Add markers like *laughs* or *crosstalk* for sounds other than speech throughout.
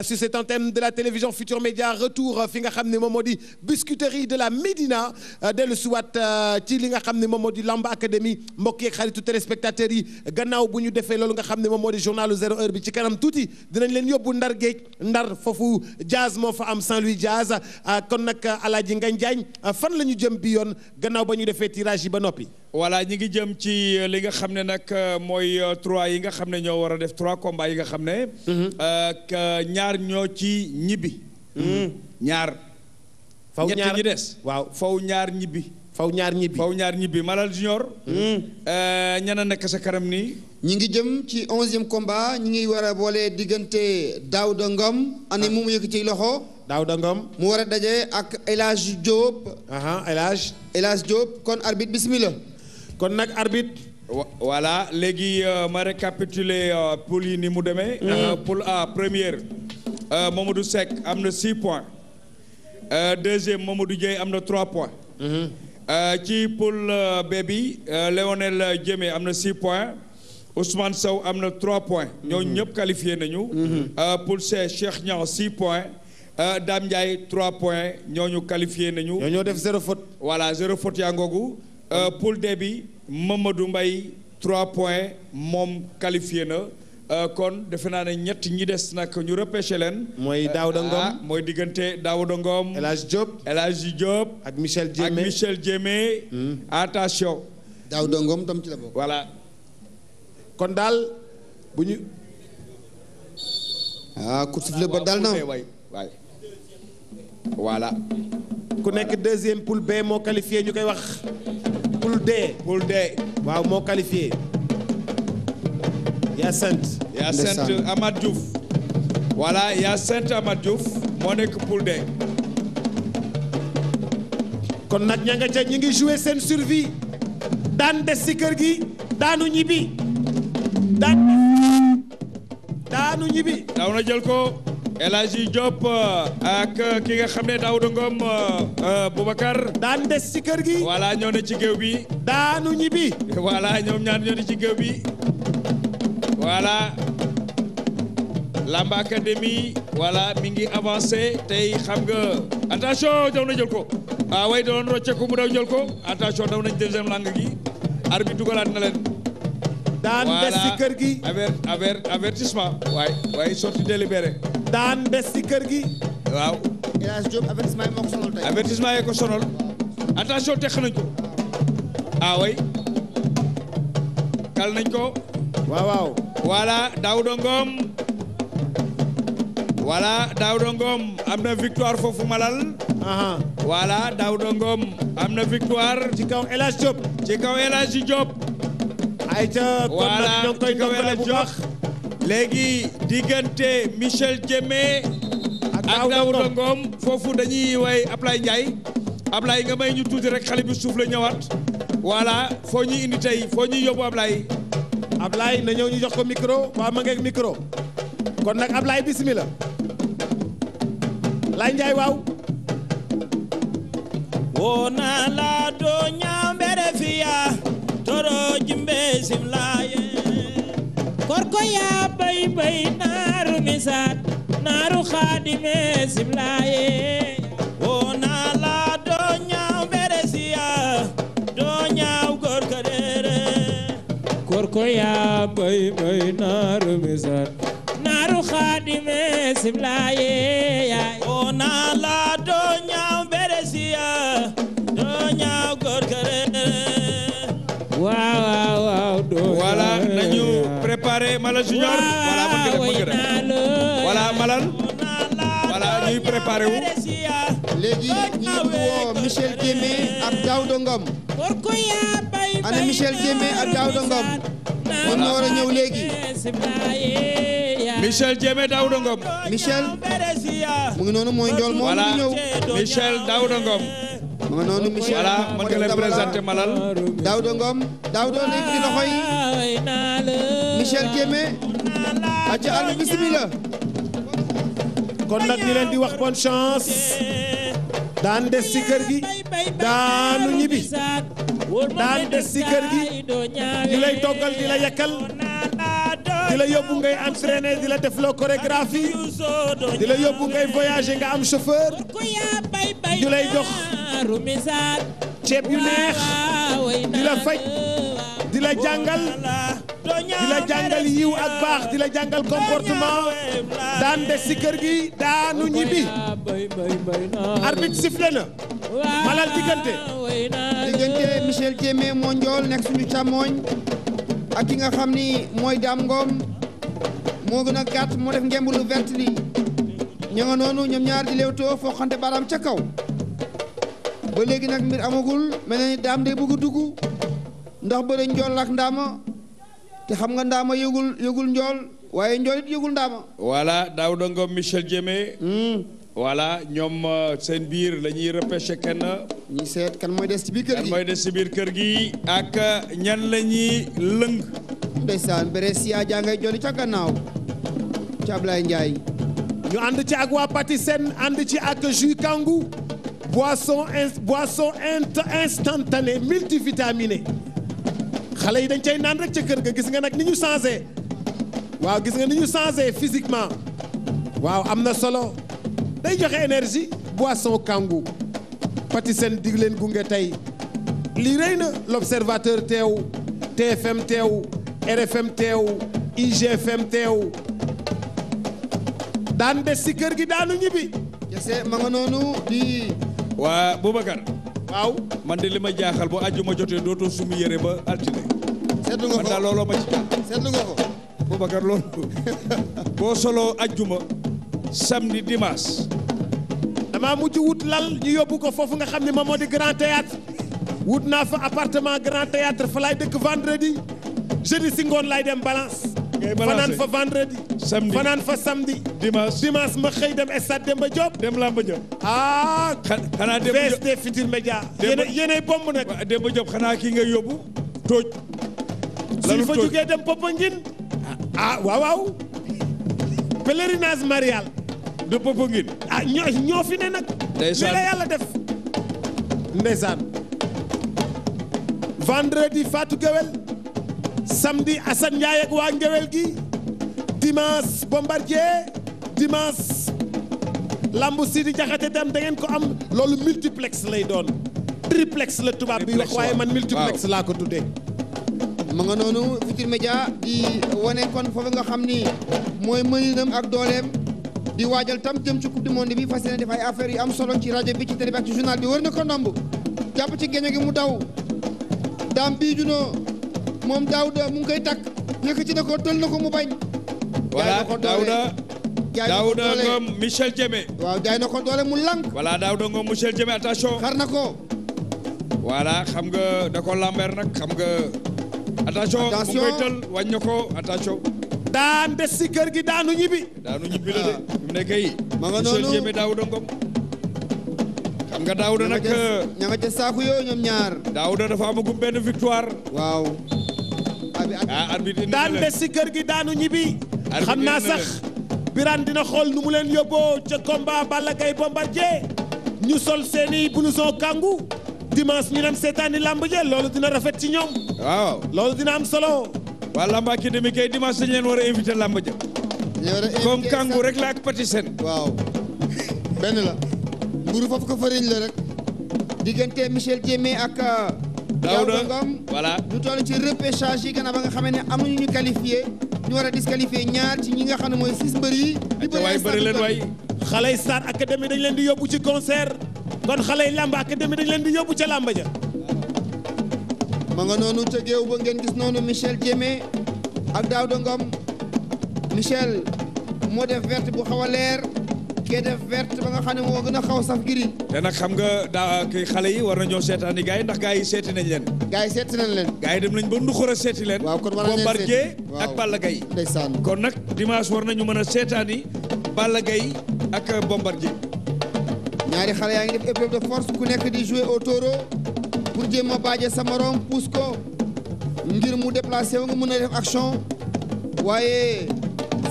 sur cette antenne de la télévision Futur Média retour euh, fi nga xam ne moom moo di biscuiterie de la Médina euh, dellu siwaat euh, ci li nga xam ne moom moo di Lamb Académie mbokk yeeg xaritu téléspectateurs yi gannaaw bu ñu defee loolu nga xam ne moom moo di journalu zéro heure bi ci kanam tuuti dinañ leen yóbbu ndar géej ndar foofu jazz moo fa am Saint-Louis jazz kon nag yi Ngañ Jaañ fan la ñu jëm bi yoon gannaaw ba ñu defee tirage yi ba noppi voilà ñi ngi jëm ci euh, li nga xam ne nag euh, mooy euh, trois yi nga xam ne ñoo war a def trois combats yi nga xam ne. Mhm. ñaar ñoo ci ñibbi. Mhm. Hmm. ñaar. faw waaw faw ñaar ñibbi. faw ñaar ñibbi faw ñaar ñibbi Malal Junior. Hmm. ñana nekk sa kanam nii. ñi ngi jëm ci onzième combat ñi ngi war a boole diggante Daouda ngam ani ah. mu mu yëkk ci loxo. Daouda Ngom mu war a daje ak élage Hadj Diop. El Diop kon arbitre bismillah kon nag arbitre. voilà léegi euh, ma récapituler euh, poule yi ni mu demee. Mm. Euh, poule A première Mamadou Seck am na 6 points. deuxième Mamadou Dieye am na trois points. Mm-hmm. ci poule B bi Léonel Diémé am na 6 points. Ousmane Sow am na trois points. Mm-hmm. ñooñu ñëpp qualifié nañu. Mm-hmm. poule C Cheikh Niang 6 points. Dame Ndiaye 3 points ñooñu qualifié nañu. ñoo def zéro faute. voilà zéro faute yaa ngoogu poule D bi. Mamadou Mbaye trois points moom qualifié na euh, kon defe naa ne ñett ñi des nag ñu repêché leen. mooy euh, Daouda Ngom ah, mooy diggante Daouda Ngom. El Hadj Diop El Hadj Diop. ak Michel Diémé ak Michel Diémé. Hmm. attention. Daouda voilà kon daal bu ñu. Ah, ah, ku nekk deuxième poule B moo qualifié ñu koy wax. Poule D. Poule D. waaw moo qualifié. Yacinthe. Yacinthe Amath Diouf. voilà Yacinthe Amath Diouf moo nekk kon nag ña nga ca ñi ngi joué seen daan des ci kër gi daanu ñibbi daan daanu ñibbi. daaw na jël ko. El Hadji Diop euh, euh, ki nga xam ne Daouda Ngom euh, Boubacar. daan des ci kër gi. voilà ñoo ci géew bi. daanu ñibbi. voilà ñoom ñaar ñoo ne ci géew bi voilà Lamba Académie voilà mi ngi avancé tey xam nga attention daw na jël ko ah way doon rocceeku mu daw jël ko attention daw nañ deuxième langue gi arbitre dugalaat na daan des ci kër gi voilà avertissement. waay waay sortie délibérée. daan des ci kër gi waaw. El Hadj ko sonal tey. avertissement yi ko ko ah way kal nañ ko. waaw waaw. voilà Daouda Ngom voilà am na victoire foofu Malal. aha voilà am na victoire. ci kaw El Hadj Diop. ci kaw El Hadj Diop. ayca kon bu baax léegi diggante Michel Diémé ak Daouda foofu dañuy way Ablaye Ndiaye Ablaye nga may ñu tuuti rek xale bi suuf la ñëwaat voilà foo ñuy indi foo ñuy yóbbu Ablaye Ablaye na ñëw ñu jox ko micro waa ma ngeeg kon nag Ablaye bismillah Laye Ndiaye waaw wona la do ñambere fiya toro jimbe korko yaa bay bay naaru misaat naaru xaadime siblaaye woo naa la doo ñaaw beresiya doo ñaaw gorko yaa préparer Malal Junior voilà man nga def bëgg rek voilà Malal voilà ñuy préparer wu. léegi ñu ngi woo Michel Guémé ak Daouda Ngom. ana Michel Guémé ak Daouda Ngom. moom moo war a ñëw léegi. Michel Diémé Daouda Ngom. Michel. mu ngi noonu mooy njool moom mu ñëw. Michel Daouda Ngom. mu ngi noonu Michel. voilà mën nga leen présenter Malal. Daouda Ngom Daouda nekk ci loxo yi. Cheikh Kémé aca ar bi kon nag ñu leen di wax bonne chance daan des ci kër gi daanu ñibbi daan des ci gi di lay toggal di la yakkal di la yóbbu ngay def loo chorégraphie am chauffeur di lay jox ceeb yu neex di la faj di la jàngal di la jàngal yiw ak baax di la jàngal comportement daan des ci kër gi daanu ñibbi arbitre sifflé na malal diggante diggante Michel Diémé moo njool nekk suñu càmmooñ ak ki nga xam ni mooy Dame Ngom moo gën a gàtt moo def ngemb lu vert li ña nga noonu ñoom ñaar di leewtoo foqante baaraam ca kaw ba léegi nag mbir amagul mel na ni daam day bëgg a dugg ndax bëre njool ak ndaama te xam nga ndaama yëgul yëgul njool waaye njool it yëgul ndaama voilà Daouda Ngom Michel Diémé hmm. voilà ñoom euh, seen biir la ñuy repêché kenn kan mooy des ci biir kër gi mooy des ci biir kër gi ak euh, ñan la ñuy lëng ndeysaan Bérésia ngay joli ca gannaaw ci Ablaye Ndiaye ñu ànd ci ak waa Patisen ànd ci ak jus Kangu boisson boisson instantané multivitaminé xale yi dañ cay naan rek ca kër ga gis nga nag ni ñu changé waaw gis nga ni ñu changé physiquement waaw am na solo day joxe énergie boisson kàngu pati seen dig leen gunge tey lii rey na l'observateur teew TFM teew RFM teew IGFM teew daan des si kër gi daanu ñibbi. kese ma nga noonu di. waa Boubacar. waaw man de li ma jaaxal boo àjjuma jotee dootoo sumi yére ba altine. seetlu ko man daal looloo ma ci jaaxal. seetlu nga loolu *laughs* boo soloo àjjuma samedi dimanche. damaa mujj wut lal ñu yóbbu ko foofu nga xam ne ma moo di grand théâtre wut naa fa appartement grand théâtre fa laay dëkk vendredi jeudi si ngoon laay dem balance. ngay balancer fanaan fa vendredi. samedi fanaan fa samedi. dimanche dimanche ma xëy dem stade Demba Diop. dem Lamba Diop. ah. xanaa Demba Diop VSD Futurs Médias. Demba yéenay xanaa kii nga yóbbu. tooj. lalu tooj fa jugee dem Popenguine. Ah, ah waaw waaw. pèlerinage marial. de Popenguine. ah ñoo ñoo fi ne nag. ndeysaan la yàlla def. ndeysaan. vendredi Fatou samedi Assane Ndiaye ak waa ngewel gi dimanche Bombardier dimanche lambu Sidi Jaxate tam da ngeen ko am loolu multiplex lay doon triplex la tubaab bi wax waaye man multiplex laa ko tuddee ma nga noonu Futurs Médias di wane kon foofu nga xam ni mooy mëninam ak dooleem di waajal tam jëm ci coupe du monde bi fas yéene def ay affaires yu am solo ci rajo bi ci télé bi ci journal bi war na ko ndomb jàpp ci géño gi mu daw daam bii moom Daouda mu ngi koy takk yëkkati na ko tël na ko mu bañ. voilà Daouda Daouda Michel Diémé. waaw jaay na ko doole mu lank. voilà Daouda Ngom Michel Diémé attention. xar na ko. voilà xam nga da ko lamber nag xam nga. attention mu ngi koy tël wàññi na daan des si kër gi daanu ñibbi. daanu ñibbi la de. Ah. ma nga noonu xam nga Daouda nag. Euh, ña nga ca saako yoo ñoom ñaar. Daouda dafa amagum benn victoire. waaw. Ah, daan des si kër gi daanu ñibbi xam naa sax Birane dina xool nu mu leen yóbboo ca combat Balla Gaye Bombardier ñu sol seeni blouson kàngu dimanche ñu dem seetaani làmb je loolu dina rafet ci ñoom waaw loolu dina am solo waa làmb académique kay dimanche dañ leen war a invité làmb ja comme kàngu rek la ak patisen benn la mburu foofu ko fariñ la rek diggante Michel Diémé ak euh, Daouda Ngom voilà ñu toll ci repêchage yi gannaaw ba nga xamee ne am nañu ñu qualifié ñu war a ñaar ci ñi nga xam ne mooy six mbër yi di bëri bëri leen waay xale yi Star Académie leen di yóbbu ci concert kon xale yi làmb Académie dañ leen di yóbbu ca làmb ja ma nga noonu tëggeew ba ngeen gis noonu Michel Diémé ak Daouda Ngom Michel moo def verte bu xaw a leer kee def verte ba nga xam ne moo gën a xaw saf giri te nag xam nga daa xale yi war nañoo seetaani gars yi ndax gars yi seeti nañ leen gars leen gars yi dem nañ ba nduxur a seeti leen waaw kon war nañ Bombardier ak Balla Gaye ndeysaan kon nag dimanche war nañu mën a seetaani Balla Gaye ak Bombardier ñaari xale yaa ngi def épreuve de force ku nekk di jouer au taureau pour jéem baaje sa morom pousse ko ngir mu déplacé wu nga mën a def action waaye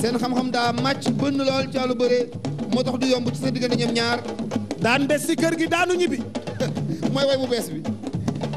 seen xam-xam daa màcc bënn lool ci àllu bëre moo tax du yomb ci sa diggante ñoom ñaar daan des si kër gi daanu ñibbi *laughs* mooy way bu bees bi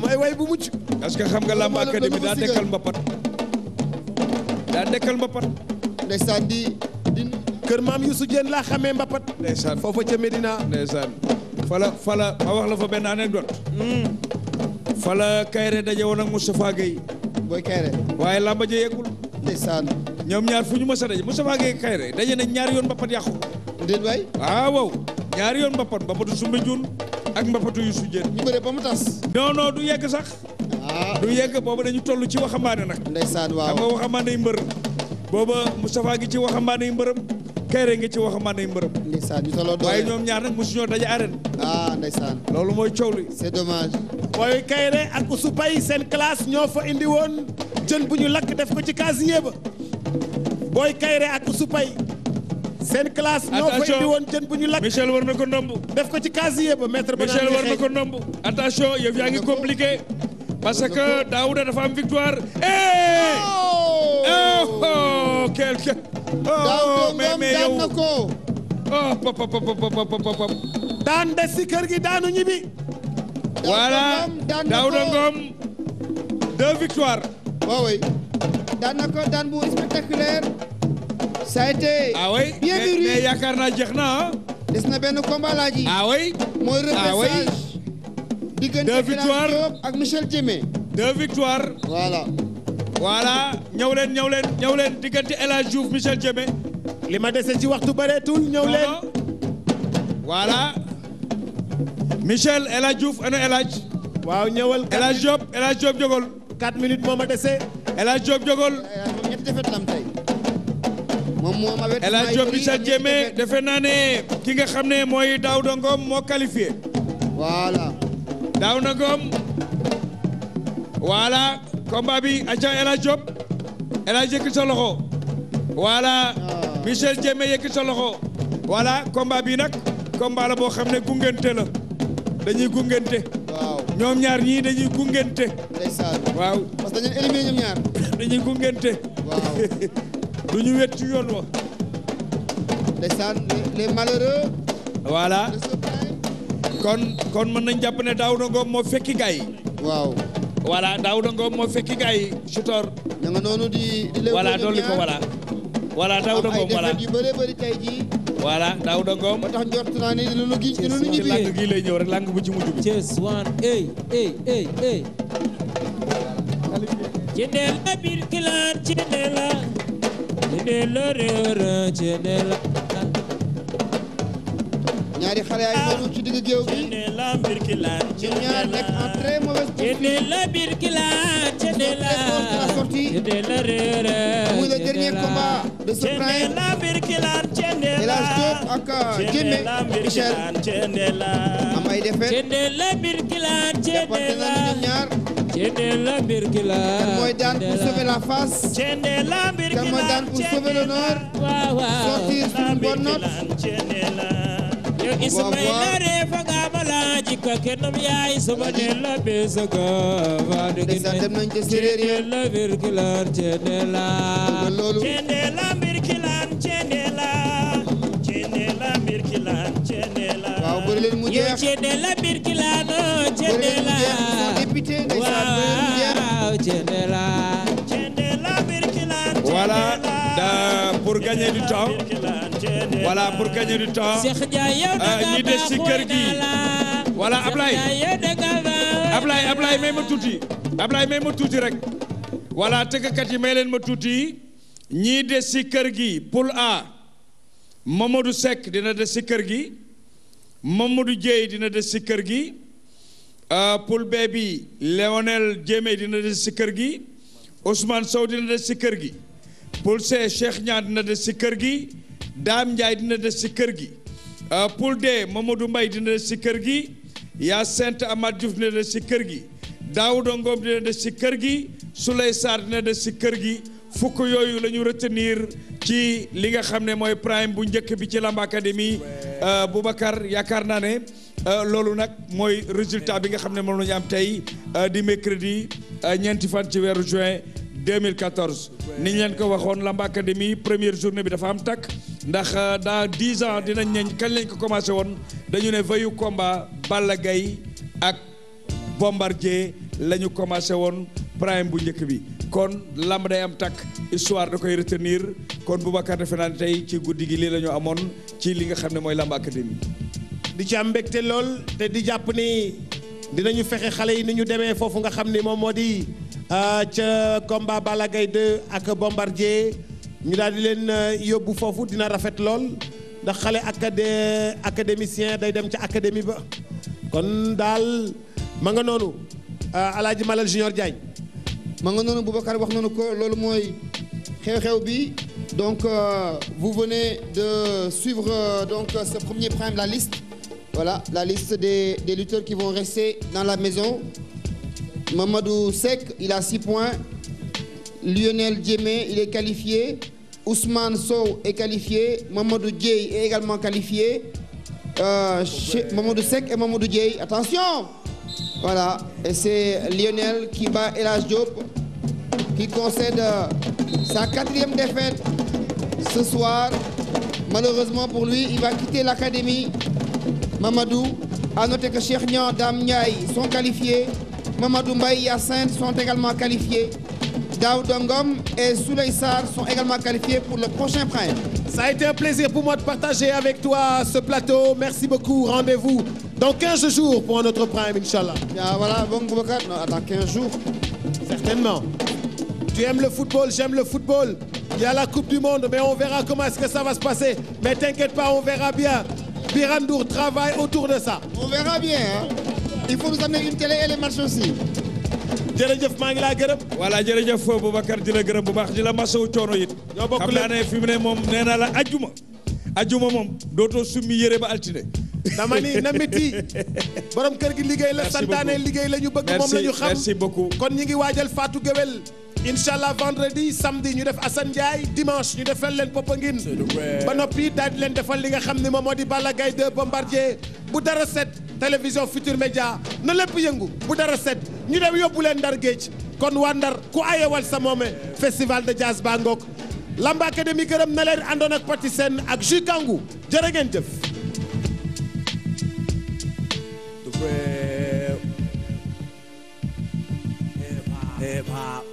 mooy way bu mucc parce que xam nga làmb académie daa dekkal mbapat daa dekkal mbapat ndeysaan di kër maam Youssou jën laa xamee mbapat ndeysaan foofa ca Médina fala fala ma wax la fa benn anecdote hmm. fala Kayre daje woon ak Moustapha Gueye booy Kayre waaye làmb ja yeggul ndeysaan ñoom ñaar fu ñu mës a daje Moustapha Gueye Kayre daje nañ ñaar yoon mbapat yàqu déet waay waaw ah, waaw ñaari yoon mbappat mbappatu sumba jun ak mbappatu yu sujjeen ñu bëree ba mu tas non non du yegg sax ah. du yegg booba dañu toll ci waxambaane nag ndeysaan waaw xam nga waxambaane yi mbër booba Moustapha gi ci waxambaane yi mbërëm Kayre ngi ci waxambaane yi mbërëm ndeysaan ñu tolloo doole waaye ñoom ñaar nag mosuñoo daje arène ah ndeysaan loolu mooy coow li c'est dommage booy Kayre ak Ousou Paye seen classe ñoo fa indiwoon jën bu ñu lakk def ko ci casier ba booy Kayre ak Ousou seen classe ñoo fay di woon jën bu ñu lakk Michel war na ko ndomb def ko ci casier ba maître ba Michel parce que Daouda am victoire oh! oh, oh, des si kër gi daanu ñibbi voilà daan daan bu spectaculaire ça a été. ah oui bien mais mais yaakaar naa jeex na ah. des na benn combat laa ji. Ah mooy ah repêchage. diggante Birame Diop ak Michel Diémé. deux victoires. voilà. voilà ñëw leen ñëw leen ñëw leen diggante El Hadj Michel Diémé. li ma dese ci waxtu bareetul ñëw leen. voilà. Michel El Hadj Diouf ana El Hadj. waaw ñëwal. El Hadj Diop El Hadj Diop jógol. 4 minutes dese. El Hadj Diop moom moo ma wet El defe naa ne ki nga xam ne mooy Daouda Ngom moo qualifié. voilà. Daouda Ngom. voilà combat bi aja El Hadj soloxo El Hadj yëkkati sa loxo. voilà. Ah. Michel Diémé yëkkati sa loxo. voilà nag combat la boo xam ne gungente la dañuy gungente. ñoom ñaar ñii dañuy gungente. waaw parce que dañu éliminé ñoom ñaar. *coughs* dañuy gungente. *laughs* du ñu wet ci wa ndeysaan les malheureux voilà kon kon nañ jàpp ne Daouda Ngom moo fekki gars yi waaw voilà Daouda Ngom moo fekki gars yi Sitor ña nga noonu gi lu lu lang gi lay ñëw rek lang bu ci mujj bi Thiès waan ey ey biir kilaan ci de l'horreur ñaari xale yaay noonu ci digg géew bi ñoom nekk en très mauvaise position la bir kilaat je ne la je ne la rere muy le dernier combat Thiendella Mbirkila kan mooy daan pour sauver la face Thiendella Mbirkila kan mooy daan pour sauver l'honneur sortir sur une bonne note yow Ismaïla refa nga ma laaji ka kenum yaay sama Thiendella besaga waade gi dem nañ ci séeréer Thiendella Mbirkila Thiendella Thiendella Mbirkila Thiendella Thiendella Mbirkila Thiendella waaw bëri leen mu jeex Thiendella waaw Thiendella voilà da pour gagner du temps voilà pour gagner du temps euh, ñi des ci kër gi voilà Ablaye Ablaye Ablaye may ma tuuti Ablaye may ma tuuti rek voilà tëggkat yi may leen ma tuuti ñii des ci kër gi poule A Mamadou Seck dina des ci kër gi Mamadou Dieye dina des ci kër gi Euh, poule B bi Léonel Diémé dina des si kër gi Ousmane Sow dina des si kër gi poule C Cheikh Niang dina des si kër gi Dame Ndiaye dina des si kër gi euh, poule D Mamadou Mbaye dina des si kër gi yaa Saint Amath Diouf dina des si kër gi Daouda Ngom dina des si kër gi Souley Sarr dina des si kër gi fukk yooyu lañu ñu retenir ci li nga xam ne mooy prime bu njëkk bi ci Lamb Académie euh, Boubacar yaakaar naa ne Euh, loolu nag mooy résultat bi nga xam ne moom la ñu am tey euh, di mercredi euh, ñeenti fan ci weeru juin 2014 ni ñu leen ko waxoon Lamb Académie première journée bi dafa am takk ndax daa 10 ans dinañ ne kañ lañ ko commencé woon dañu ne veillu combat Balla Gaye ak Bombardier la ñu commencé woon prime bu njëkk bi kon lamb day am takk histoire da koy retenir kon Boubacar defe naa tey ci guddi gi lii la amoon ci li nga xam ne mooy Lamb Académie di ci am mbégte lool te di jàpp ni dinañu fexe xale yi ni ñu demee foofu nga xam ni moom moo di euh, ca combat Balla Gaye 2 ak Bombardier ñu daal di leen euh, yóbbu foofu dina rafet lool ndax xale acad académicien day dem ca académie ba kon daal ma nga noonu euh, Alaaji Malal Junior Diagne ma nga noonu Boubacar wax nañu ko loolu mooy xew-xew bi donc vous venez de suivre donc ce premier prime la liste Voilà la liste des, des lutteurs qui vont rester dans la maison. Mamadou Sek, il a 6 points. Lionel Djemé, il est qualifié. Ousmane Sow est qualifié. Mamadou Djei est également qualifié. Euh, Mamadou Sek et Mamadou Djei. Attention Voilà. Et c'est Lionel qui bat Elas Diop qui concède euh, sa quatrième défaite ce soir. Malheureusement pour lui, il va quitter l'académie Mamadou. a noter que Cheikh Niang, Dame Ndiaye sont qualifiés. Mamadou Mbaye, Yacine sont également qualifiés. Daoud Ngom et Souley Sarr sont également qualifiés pour le prochain prime. Ça été un plaisir pour moi de partager avec toi ce plateau. Merci beaucoup. Rendez-vous dans 15 jours pour un autre prime, Inch'Allah. Ah voilà, bon Boubacar, dans 15 jours. Certainement. Tu aimes le football, j'aime le football. Il y a la Coupe du Monde, mais on verra comment ce que ça va Birane Ndour travaille autour de ça. on verra bien hein? il faut nous amener une télé et les matchs aussi. maa ngi laa gërëm. voilà jërëjëf Boubacar di la gërëm bu bax di la masawu coono it. ñoo bokk xam naa ne fi mu ne moom nee naa la ajjuma. ajjuma moom dootoo summi yére ba altine. dama ni na métti *laughs* borom kër gi liggéey la. santaane liggéey la bëgg moom la ñu xam. merci beaucoup kon ñi ngi waajal Fatou Guewel. incha allah vendredi samedi ñu def Assane Ndiaye dimanche ñu defal leen Popenguine ba noppi daal di leen defal li nga xam ne moom moo di Balla Gaye 2 Bombardier bu dara set télévision Futur Média na lépp yëngu bu dara set ñu dem yóbbu leen Ndar Géej kon waa Ndar ku ayewal sa moome festival de jazz ba ngoog Lamba Académie gërëm na leen àndoon ak Pati Sène ak Jus Kangu jërë ngeen jëf.